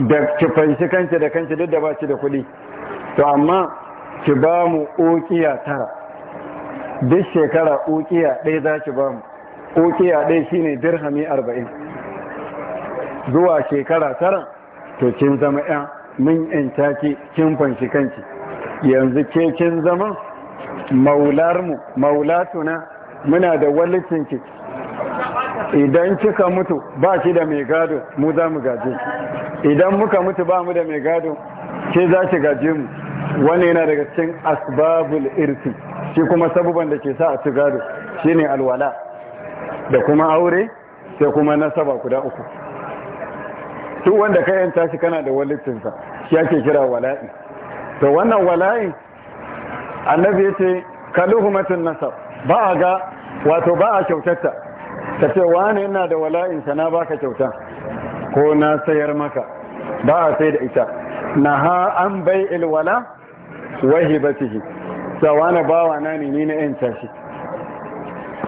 da ki fanshi kanci da kanci duk da ba ci da kuɗi to amma ki ba mu ukiya tara duk shekara ukiya ɗaya za ki ba mu ukiya ɗaya shine dirhami arba'in zuwa shekara tara to kin zama ya mun yanta ki kin fanshi kanci yanzu ke kin zama maularmu maulatuna muna da walitin ki idan kika mutu ba shi da mai gado mu za mu gaje idan muka mutu ba mu da mai gado ke za ki gaje mu wani yana daga cikin asbabul irsi shi kuma sabuban da ke sa a ci gado ne alwala da kuma aure sai kuma nasaba guda uku duk wanda ka yanta shi kana da walittinsa shi ake kira wala'i to wannan wala'i annabi yace kaluhumatun nasab ba a ga wato ba a kyautarta ta ce wane yana da wala'insa na baka kyauta ko na sayar maka ba a sai da ita na ha an bai ilwala wahi ba ciki na bawa na ne ni na yanta shi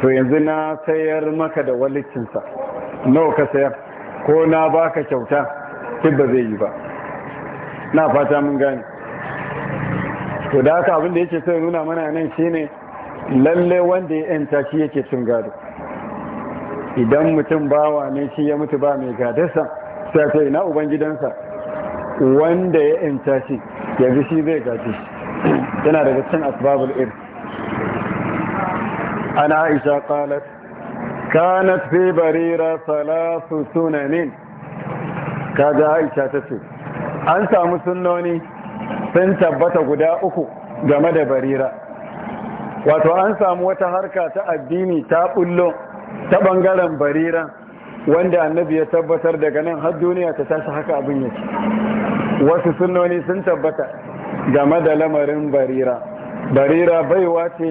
to yanzu na sayar maka da walicinsa nawa ka sayar ko na baka kyauta ba zai yi ba na fata mun gani to da haka abinda yake so nuna mana nan shine lalle wanda ya yanta shi yake cin gado idan mutum bawa ne shi ya mutu ba mai gadarsa sai ina ubangidansa wanda ya yanta shi yanzu shi zai gaji yana daga cin asbabul ir ana aisha qalat kanat fi barira Salasu sunanin kaga aisha ta ce. an samu sunnoni sun tabbata guda uku game da barira wato an samu wata harka ta addini ta bullo ta bangaren barira wanda annabi ya tabbatar daga nan har duniya ta tashi haka abin yake wasu sunnoni sun tabbata game da lamarin barira barira baiwa ce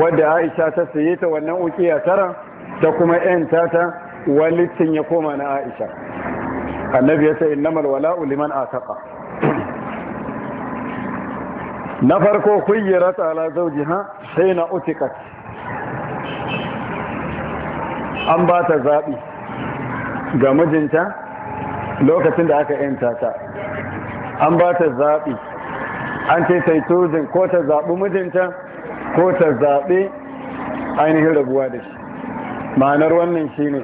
wadda aisha ta saye ta wannan ukiya tara ta kuma yan tata walittin ya koma na aisha annabi ya ce innamal wala'u liman ataqa na farko khuyyirat ala ha sai na utikat an ba ta zaɓi ga mijinta lokacin da aka yanta ta an ba ta zaɓi an ce sai tozin ko ta zaɓi mijinta ko ta zaɓi ainihin rabuwa da shi ma'anar wannan shi ne,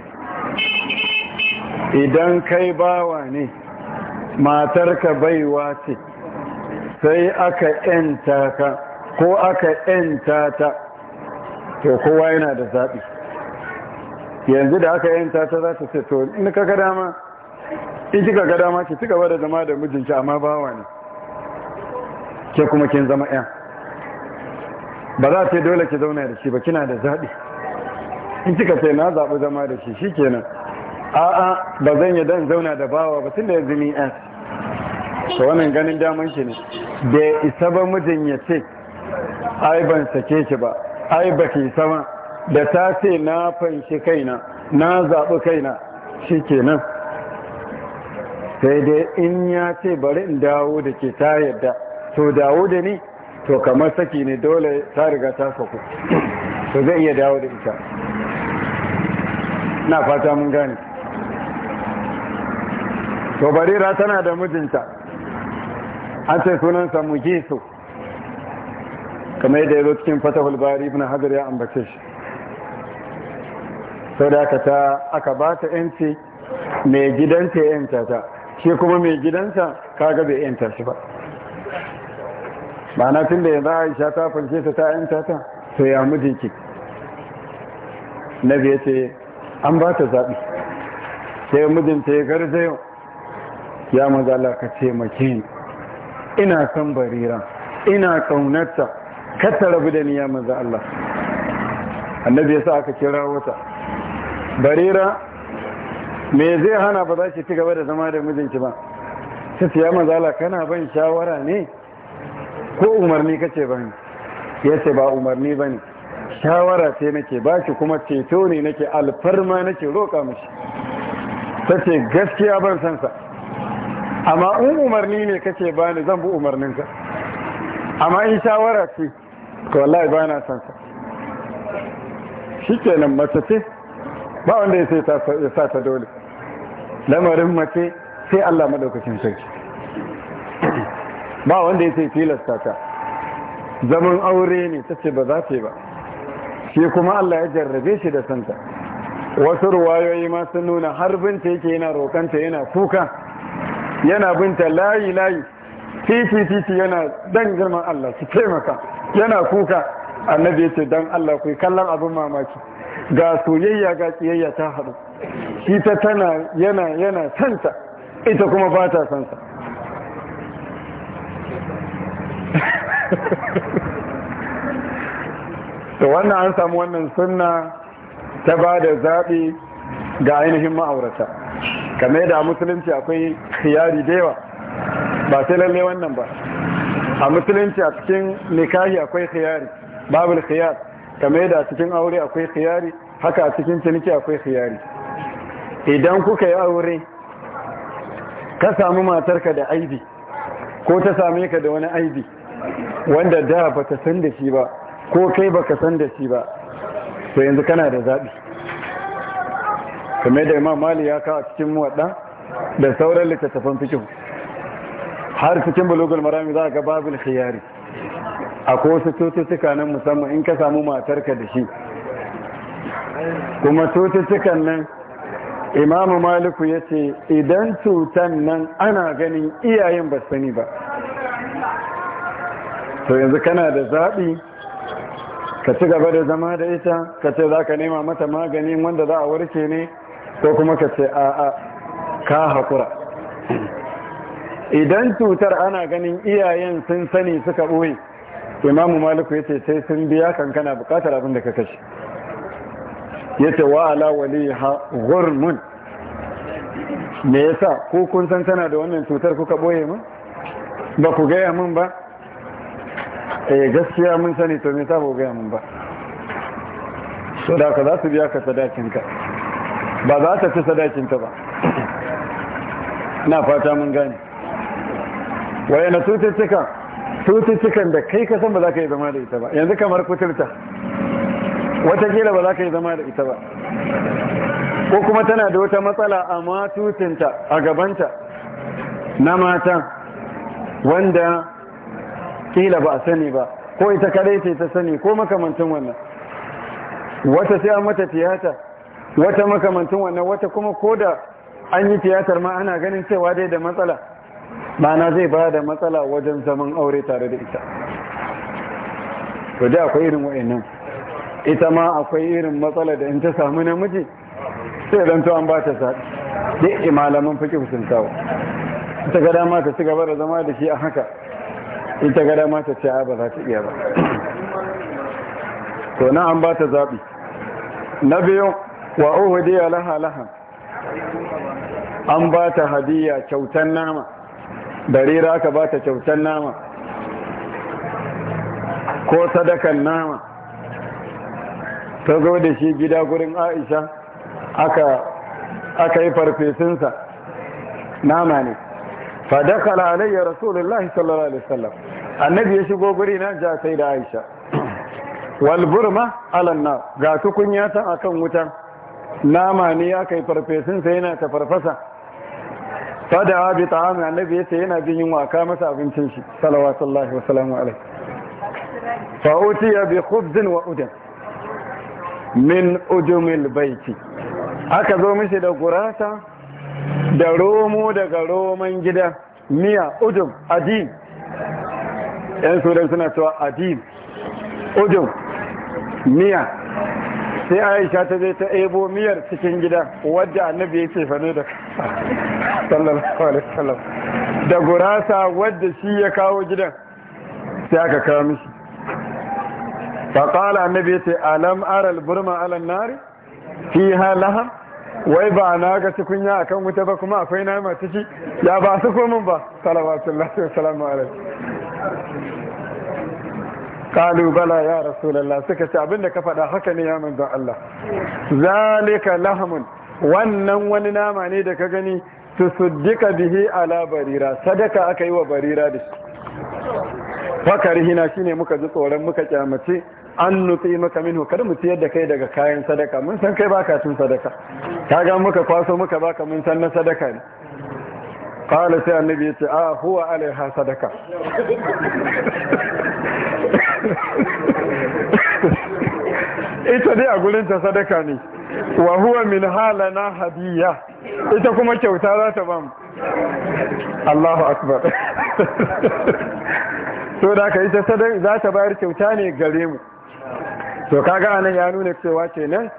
idan kai bawa ne matarka baiwa ce sai aka ‘yanta ka ko aka ‘yanta ta to kowa yana da zaɓi yanzu da aka ‘yanta ta za ta ce to in ka ga dama in kika ga dama ki ci gaba da zama da mijinki amma bawa ne ke kuma kin zama ƴan? ba za ta dole ki zauna da shi ba kina da zaɓi in kika ce na zaɓi zama da shi shi kenan a'a ba zan yi dan zauna da bawa ba tun da yanzu ni ƴan. to wannan ganin daman shi ne bai isa ba mijin ya ce ai ban sake shi ba ai ba ke sama da ta ce na fanshi kaina na zaɓi kaina shi kenan sai dai in ya ce bari in dawo da ke ta yadda to dawo da ni to kamar saki ne dole ta riga ta saku to zai iya dawo da ita na fata mun gane to barira tana da mijinta an ce sunansa mujisu kamar yadda ya zo cikin fatahul bari ibn hajar ya ambace shi sau da aka ta aka ba ta yanci mai gidanta ya yanta ta shi kuma mai gidansa kaga bai yanta shi ba ba na tun da yanzu aisha ta fanshe ta ta yanta ta to ya jiki na biya ce an ba ta zaɓi sai mijinta ya garzayo ya maza ka ce ina son barira ina kaunarta kata rabu da niya manzo Allah annabi sa aka kira wata barira me zai hana ba za shi ci gaba da zama da mijinki ba su ya Allah kana ban shawara ne ko umarni kace Ya ce ba umarni ba ne. shawara ce nake shi kuma ceto ne nake alfarma nake roƙa mashi. ta ce gaskiya ban sansa. amma in umarni ne kake bani zan bi ka, amma in shawara ce to wallahi ba na san ka shikenan mace ce ba wanda ya sa ta dole lamarin mace sai Allah madaukakin sarki ba wanda ya sai tilasta ta zaman aure ne tace ba za ta yi ba shi kuma Allah ya jarrabe shi da santa wasu ruwayoyi ma sun nuna har binta yake yana rokanta yana kuka yana binta layi layi titi titi yana dan girman Allah su taimaka yana kuka annabi ya ce dan Allah ku kallon abin mamaki ga soyayya ga tsiyayya ta haɗu shi ta tana yana yana santa ita kuma ba ta sansa to wannan an samu wannan suna ta ba da zaɓi ga ainihin ma'aurata kamar da musulunci akwai yari da yawa ba sai lalle wannan ba a musulunci a cikin nikahi akwai khiyari babul khiyar kamar da cikin aure akwai khiyari haka a cikin ciniki akwai khiyari idan kuka yi aure ka samu matarka da aibi ko ta same ka da wani aibi wanda da baka san da shi ba ko kai baka san da shi ba to yanzu kana da zaɓi kuma da imam mali ya kawo cikin waɗa da sauran littattafan fikin har cikin bulugul marami za a ga babul khiyari akwai wasu cututtuka nan musamman in ka samu matarka da shi kuma cututtukan nan imam maliku ya ce idan cutan nan ana ganin iyayen ba sani ba to yanzu kana da zaɓi ka ci gaba da zama da ita ka ce za ka nema mata maganin wanda za a warke ne ko kuma ka ce a'a ka haƙura idan cutar ana ganin iyayen sun sani suka ɓoye imamu maliku ya ce sai sun biya kankana buƙatar abin da ka kashe ya ce wa ala wali ha gurmun me yasa ko kun san tana da wannan cutar kuka ɓoye mun ba ku gaya mun ba yi eh, gaskiya mun sani to me ta ba ku gaya mun ba so da ka za su biya ka sadakinka ba za ta ci ta ba na fata mun gane waye na tututtukan tututtukan da kai kasan ba za ka yi zama da ita ba yanzu kamar kuturta watakila ba za ka yi zama da ita ba ko kuma tana da wata matsala a matutinta a gabanta na mata wanda kila ba a sani ba ko ita kadai ce ta sani ko makamantin wannan wata sai an mata tiyata wata makamantin wannan wata kuma ko da an yi tiyatar ma ana ganin cewa dai da matsala na zai ba da matsala wajen zaman aure tare da ita to akwai irin wa'annan ita ma akwai irin matsala da in ta samu namiji sai zan to an ba ta sa dai malaman fiqh kusur kawo ita ga dama ta ci gaba da zama da shi a haka ita gada ma ta a ba za ta iya ba to na an ba ta zaɓi na biyu wa uhdiya laha laha an ba ta hadiya kyautan nama darira aka ba ta kyautan nama ko sadakan nama ta zo da shi gida gurin aisha aka yi farfesinsa nama ne fadakala alayya rasulullahi sallallahu alaihi wasallam annabi ya shigo guri na ja sai da aisha Wal walburma alanna ga tukunya ta akan wutan nama ne aka farfesin yana ta farfasa fada abi ta'ami annabi yace yana jin yunwa ka masa abincin shi sallallahu alaihi salamu alaihi fa ya bi khubzin wa udan min ujumil baiti aka zo mishi da gurasa da romo daga roman gida miya ujum adin yan dan suna cewa adin ujum miya sai aisha ta zai ta ebo miyar cikin gida wadda annabi ya ce fane da sallallahu alaihi wasallam da gurasa wadda shi ya kawo gidan sai aka kawo mishi faƙala annabi ya ce alam aral burma alan nari fi halaha wai ba na ga tukunya akan wuta ba kuma akwai nama ciki ya ba su komin ba sallallahu wa wasallam kalu bala ya rasulallah suka ce abinda ka faɗa haka ne ya manzon Allah zalika lahamun wannan wani nama ne da ka gani su suddika bihi ala barira sadaka aka yi wa barira da shi fakari hina shine muka ji tsoron muka kyamace an nutsi maka min kar mu ciyar da kai daga kayan sadaka mun san kai baka tun sadaka ka ga muka kwaso muka baka mun san na sadaka ne qala sai annabi yace a huwa alaiha sadaka ita dai a gurinta sadaka ne wa huwa min halana hadiya ita kuma kyauta za ta ban? Allahu akbar so da ka ita sadaka za ta bayar kyauta ne gare mu to kaga anan ya nuna cewa kenan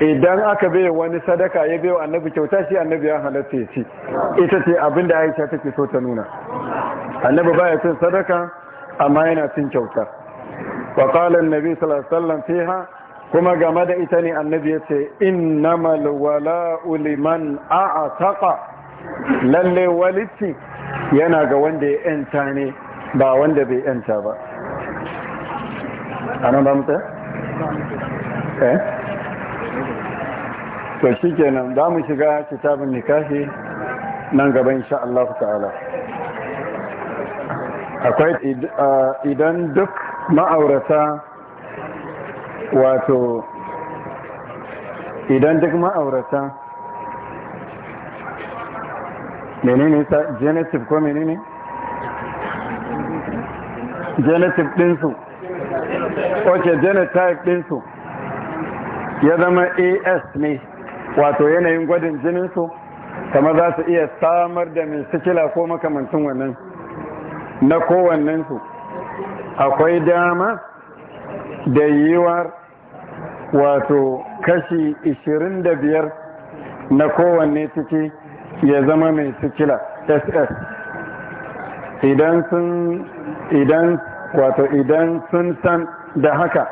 idan aka bai wani sadaka ya bai annabi kyauta shi annabi ya halatta ya ci ita ce abinda Aisha take so ta nuna annabi baya cin sadaka amma yana cin kyauta wa Nabi annabi sallallahu fiha kuma game da ita ne annabi yace innamal wala'u liman a'taqa lalle walitti yana ga wanda ya yanta ne ba wanda bai yanta ba anan ba mutu eh to shikenan za mu shiga kitabun nikahi nan gaba insha Allah ta'ala akwai idan duk ma'aurata wato idan duk ma'aurata menene ta genetic ko menene genetic dinsu ok genotype dinsu ya zama as ne wato yanayin gwadin jininsu kama za su iya samar da mai sikila ko makamantin wannan na kowannensu akwai dama da yiwuwar wato kashi 25 na kowanne ciki ya zama mai sikila ss idan sun idan wato idan sun san da haka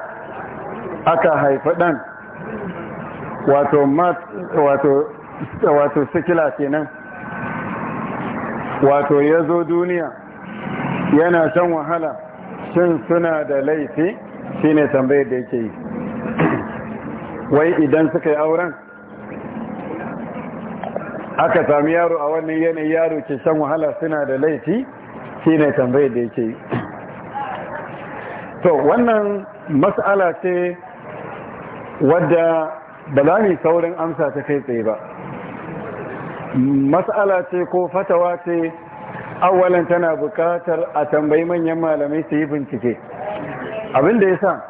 aka haifi ɗan wato mat wato wato sikila kenan wato ya zo duniya yana shan wahala shin suna da laifi shine tambayar da yake yi wai idan suka yi auren aka sami yaro a wannan yanayi yaro ke shan wahala suna da laifi shine tambayar da yake yi to wannan mas'ala ce wadda ba za mu saurin amsa ta kai tsaye ba mas'ala ce ko fatawa ce awalan tana bukatar a tambayi manyan malamai su yi bincike abin da ya sa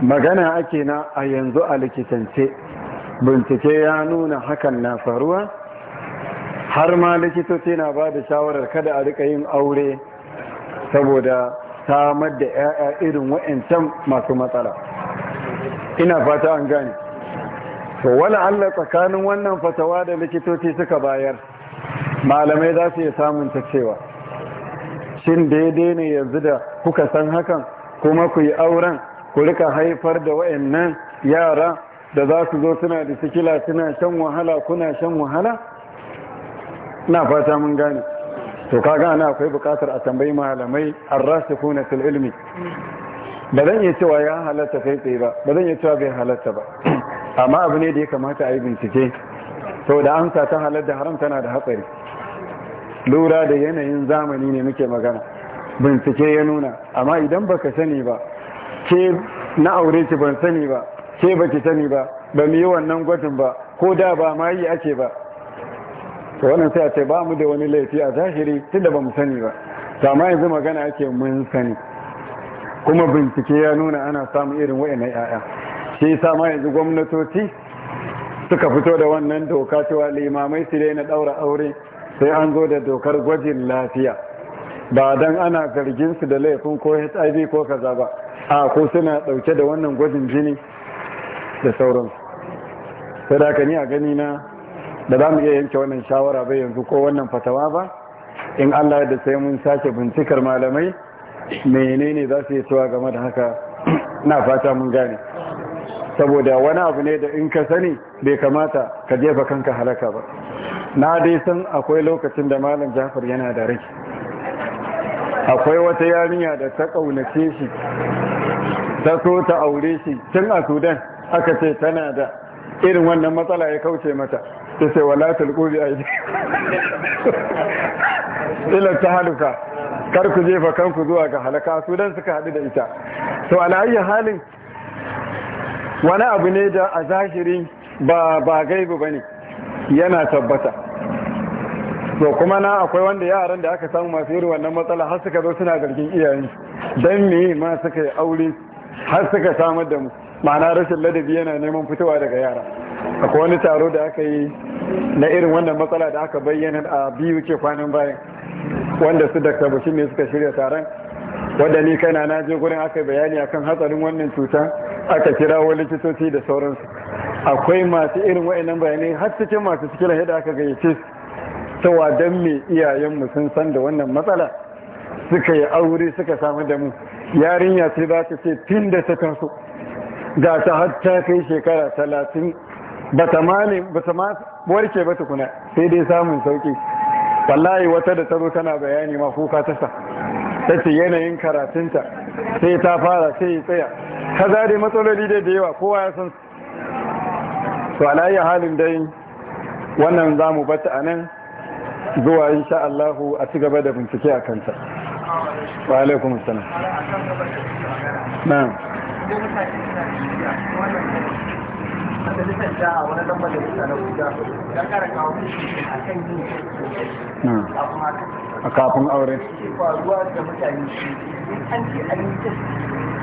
magana ake na a yanzu a likitance bincike ya nuna hakan na faruwa har ma likitoci na ba da shawarar kada a rika yin aure saboda samar da 'ya'ya irin wa'ancan masu matsala ina fata an gane wala Allah tsakanin wannan fatawa da likitoci suka bayar malamai za su iya samun ta cewa shin daidai ne yanzu da kuka san hakan kuma ku yi auren ku rika haifar da wayannan yara da za su zo suna da sikila suna shan wahala kuna shan wahala na fata mun gane to kaga ana akwai bukatar a tambayi malamai arrasikuna fil ilmi ba zan iya cewa ya halatta kai tsaye ba ba zan iya cewa bai halatta ba amma abu ne da ya kamata a yi bincike sau da amsa ta halar da haram tana da hatsari lura da yanayin zamani ne muke magana bincike ya nuna amma idan baka sani ba ke na aure ki ban sani ba ke baki sani ba ba mu yi wannan gwajin ba ko da ba ma yi ake ba to wannan sai a ce ba mu da wani laifi a zahiri tunda ba mu sani ba amma yanzu magana ake mun sani kuma bincike ya nuna ana samun irin wayannan yaya shi yasa ma yanzu gwamnatoci suka fito da wannan doka cewa limamai su daina daura aure sai an zo da dokar gwajin lafiya ba don ana zargin su da laifin ko hiv ko kaza ba a ko suna dauke da wannan gwajin jini da sauransu sai da ka ni a gani na da za mu iya yanke wannan shawara bai yanzu ko wannan fatawa ba in allah da sai mun sake bincikar malamai menene za su yi cewa game da haka na fata mun gane saboda wani abu ne da in ka sani bai kamata ka jefa kanka halaka ba na dai san akwai lokacin da malam jafar yana da rai akwai wata yarinya da ta ƙaunace shi ta so ta aure shi tun a sudan aka ce tana da irin wannan matsala ya kauce mata ta ce wala a yi ila ta haluka kar ku jefa kanku zuwa ga halaka sudan suka haɗu da ita to alayyi halin wani abu ne da a zahiri ba ba ne bane yana tabbata to kuma na akwai wanda yaran da aka samu masu yiri wannan matsala har suka zo suna garkin iyayen dan me ma suka yi aure har suka samar da mu ma'ana rashin ladabi yana neman fitowa daga yara akwai wani taro da aka yi na irin wannan matsala da aka bayyana a biyu ke kwanan bayan wanda su dakta bashi ne suka shirya taron wadda ni kaina na je gurin aka bayani akan hatsarin wannan cuta aka kira wa likitoci da sauransu akwai masu irin wa'annan bayanai har cikin masu cikin da aka gayyace cewa don me iyayenmu sun san da wannan matsala suka yi aure suka samu da mu yarinya sai za ta ce tun da ta taso ga ta har ta kai shekara talatin ba ta ma warke ba tukuna sai dai samun sauki wallahi wata da ta zo tana bayani ma kuka ta sa ta ce yanayin karatunta sai ta fara sai tsaya kaza dai matsaloli dai da yawa kowa ya san to alayi halin dai wannan za mu bata a nan zuwa insha Allahu a ci gaba da bincike a kanta wa alaikun salam na a kan yin hmm. a kafin aure da mutane in an ce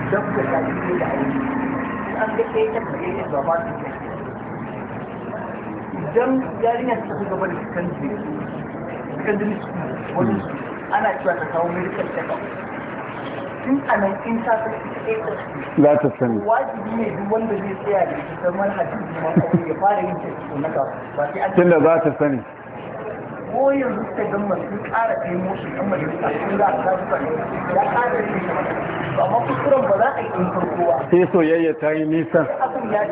da aure an idan yarinya ta fi gaba da secondary secondary school wani ana cewa ta kawo medical check-up tun a 1938 za ta sani wajibi ne duk wanda zai tsaya da ita manhajin jima'a ya fara yin na kasu ba tunda za ta sani majalisa sun za a kasu sani ya yin shi ba ma kuskuren ba za a yi sai soyayya ta yi nisa ya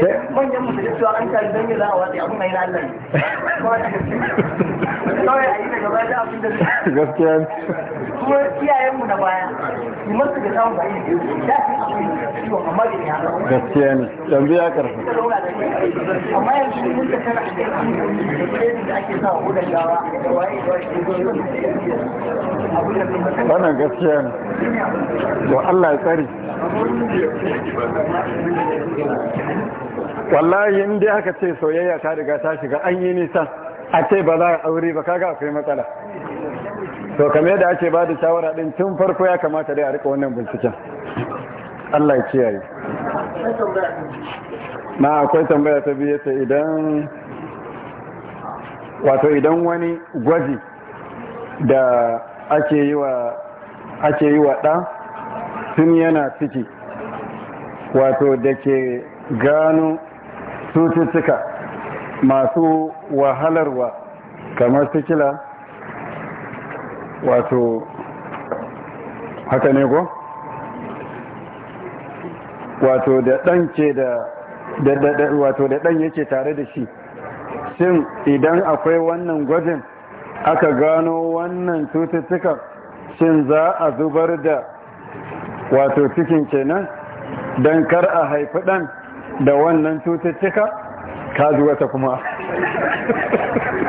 ce manyan majalisa an tari don yi za a watsi abin mai a yi daga baya abin da zai gaskiya ko gaskiya ne yanzu ya karfi amma wa gaskiya ne to Allah ya tsari wallahi in dai aka ce soyayya ta riga ta shiga an yi nisa a ce ba za a aure ba kaga akwai matsala to kamar yadda ake ba da shawara din tun farko ya kamata dai a rika wannan binciken Allah ya kiyaye na akwai tambaya ta biyu ta idan wato idan wani gwaji da ake yi wa ake yi wa ɗa tun yana ciki wato da ke gano cututtuka masu wahalarwa kamar sikila wato haka ne ko wato da dan ke da wato da dan yake tare da shi shin idan akwai wannan gwajin aka gano wannan cututtukan shin za a zubar da wato cikin kenan dan kar a haifi dan da wannan cututtuka ka zuwa ta kuma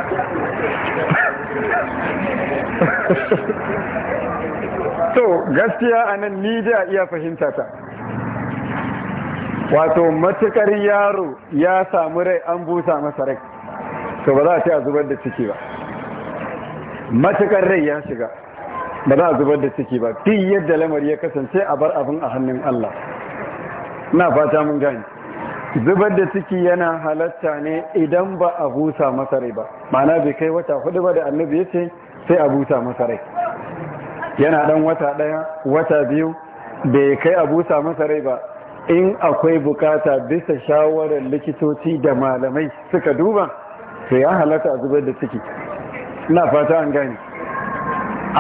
to gaskiya anan ni da iya fahimta ta wato matukar yaro ya samu rai an busa masa rai to ba za a ce a zubar da ciki ba matukar rai ya shiga ba za a zubar da ciki ba fi yadda lamar ya kasance a bar abin a hannun Allah na fata mun gani zubar da ciki yana halatta ne idan ba a busa masa rai ba ma'ana bai kai wata hudu ba da annabi ya ce sai a busa masa rai yana dan wata daya wata biyu bai kai a busa masa rai ba in akwai bukata bisa shawarar likitoci da malamai suka duba to ya halatta a zubar da ciki ina fata an gani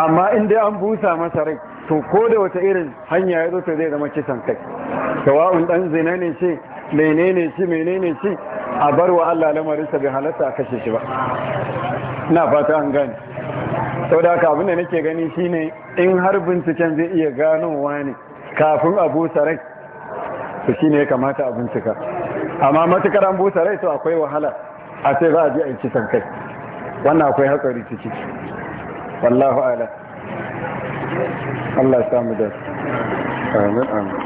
amma in dai an busa masa rai to ko da wata irin hanya ya zo to zai zama kisan kai sawa'un dan zina ne ce menene shi menene shi a bar wa Allah lamarin sa bai halatta a kashe shi ba ina fata an gani sau da haka abinda nake gani shine in har binciken zai iya ganowa ne kafin a busa rai shi shine ya kamata a bincika amma matukar an busa rai akwai wahala a sai za a ji aiki yi kai wannan akwai hatsari ciki wallahu ala Allah samu da amin amin